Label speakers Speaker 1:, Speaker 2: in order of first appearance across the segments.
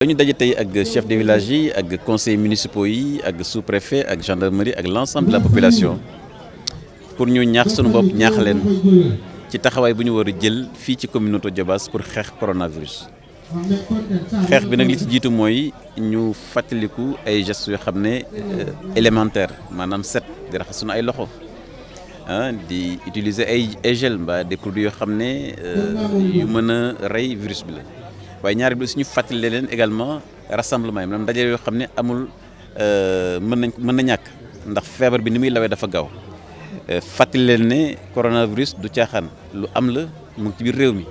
Speaker 1: Nous avons avec ak chef de village avec ak municipaux avec sous-préfet ak gendarmerie avec l'ensemble de la population pour nous nous communauté pour coronavirus Nous gestes euh, élémentaire ah, utiliser gel des produits euh, virus waaye ñaari bi suñu fàttali leen également rassemblement yi maanaam ndaje yoo xam ne amul euh, mën nañ mën na ñàkk ndax feebar bi ni muy lawee dafa gaaw euh, fàttali leen ne coronavirus du caaxaan lu am la mu ngi ci biir réew mi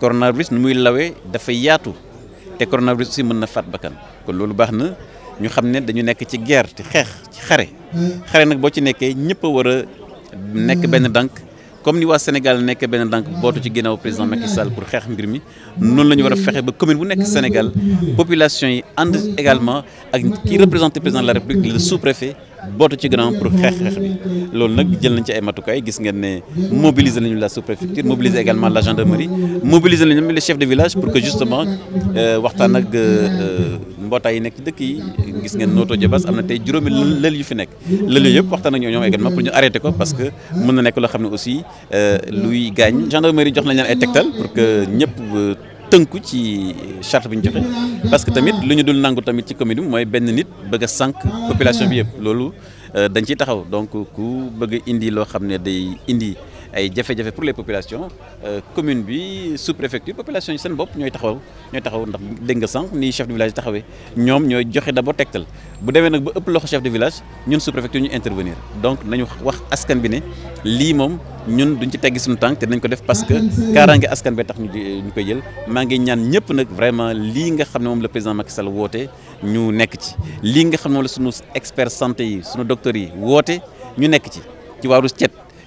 Speaker 1: coronavirus ni muy lawe dafa yaatu te coronavirus aussi mën na faat bakkan kon loolu baax na ñu xam ne dañu nekk ci gerte xeex ci xare hmm. xare nag boo ci nekkee ñëpp a war a nekk benn hmm. dànk comme ni wa Sénégal nek benn dank botu ci ginnaaw président Macky Sall pour xex mbir mi noonu la ñu war ba commune bu nek Sénégal population yi and également ak ki représenté président de la République le sous-préfet botu ci grand pour xex xeex bi loolu nag jël nañ ci ay matukay gis ngeen né mobiliser nañu la sous-préfecture mobiliser également la gendarmerie mobiliser nañu les chefs de village pour que justement euh, waxtan ak euh, euh, mbootaay yi nekk ci dëkk yi gis ngeen Notto Diobass am na tey lël yu fi nek lël yooyu yëpp waxtana ñoo ñoom également pour ñu arrêté ko parce que mën na nekk loo xam ne aussi euh, luy gaañ gendarmerie jox nañ leen ay tegtal pour que ñëpp euh, tënku ci charte bi ñu joxe parce que tamit lu ñu dul nangu tamit ci commune bi mooy benn nit bëgg a sànq population bi yëpp loolu euh, dañ ciy taxaw donc ku bëgg indi loo xam ne day indi ay jafé jafé pour les populations euh, commune bi sous-préfecture population yi seen bopp ñooy taxaw ñoy taxaw ndax dégg nga ni chef de village taxawee ñoom ñooy joxe d'abord tektal bu demee nak ba ëpp loxo chef de village ñun sous-préfecture ñu intervenir donc nañu wax askan bi né li mom ñun duñ ci teggi suñu tank té nañ ko def parce que kaaraange askan bi tax ñu ñu koy jël ma ngi ñaan ñëpp nak vraiment li nga xam mom le président Macky Sall woté ñu nekk ci li nga xam mom moom la suñu expert santé yi suñu docteurs yi woté ñu nekk ci ci waru cet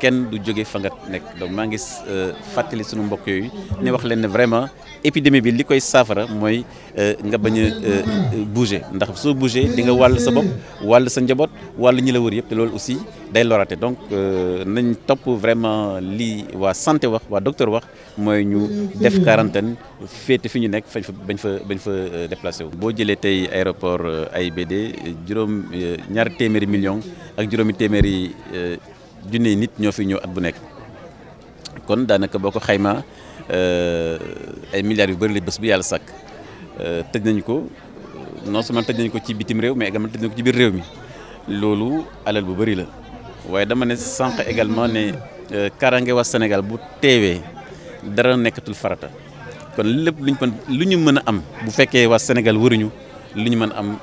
Speaker 1: kenn du jóge fa nga nekk donc maa ngi euh, fàttali sunu mbokk yooyu ne wax leen ne vraiment épidémie bi li koy saafara mooy euh, nga bañ a euh, bouger ndax soo bouger di nga wàll sa bopp wàll sa njaboot wàll ñi la wër yëpp te loolu aussi day loraate donc nañ topp vraiment li waa santé wax waa docteur wax mooy ñu def quarantaine féete fi ñu nekk fañ fa bañ fa bañ fa déplacé wu. boo jëlee tey aéroport AIBD juróom ñaar téeméeri millions ak juróomi téeméeri. junne nit ñoo fi ñëw at bu nekk kon daanaka boo ko xaymaa euh, ay milliards yu bëri la bés bu yàlla sàkk euh, tëj nañ ko non seulement tëj nañ ko ci bitim réew mais également tëj nañ ko ci biir réew mi loolu alal bu bëri la waaye dama ne sànq également ne euh, kaaraange waa senegal bu teewee dara nekkatul farata kon lépp luñ mën lu ñu mën a am bu fekkee waa Sénégal waruñu li ñu mën am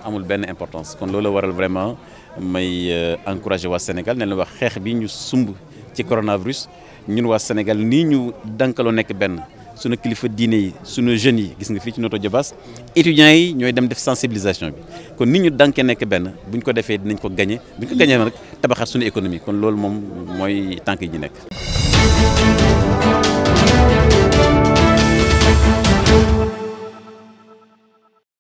Speaker 1: importance kon loolu vraiment may euh, encouragé Sénégal Nous la wax xeex bi ñu sumb ci coronavirus ñun waa Sénégal ni ñu dankaloo nekk benn suñu kilifa diine yi suñu jeunes yi gis nga ci étudiants yi ñooy dem def sensibilisation bi kon ni ñu nekk benn bu ko defee dinañ ko bu Nous ko économie kon loolu